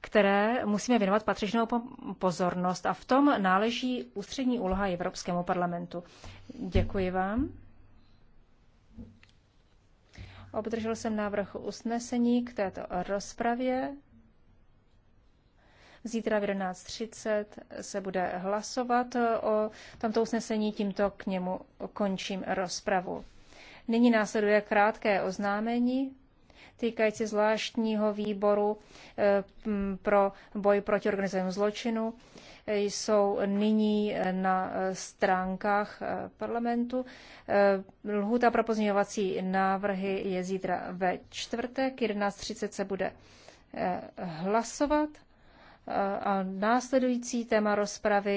které musíme věnovat patřičnou pozornost a v tom náleží ústřední úloha Evropskému parlamentu. Děkuji vám. Obdržel jsem návrh usnesení k této rozpravě. Zítra v 11.30 se bude hlasovat o tomto usnesení, tímto k němu končím rozpravu. Nyní následuje krátké oznámení týkající zvláštního výboru eh, pro boj proti organizovanému zločinu eh, jsou nyní eh, na stránkách parlamentu. Lhuta pro pozměňovací návrhy je zítra ve čtvrtek, 11.30 se bude hlasovat. A následující téma rozpravy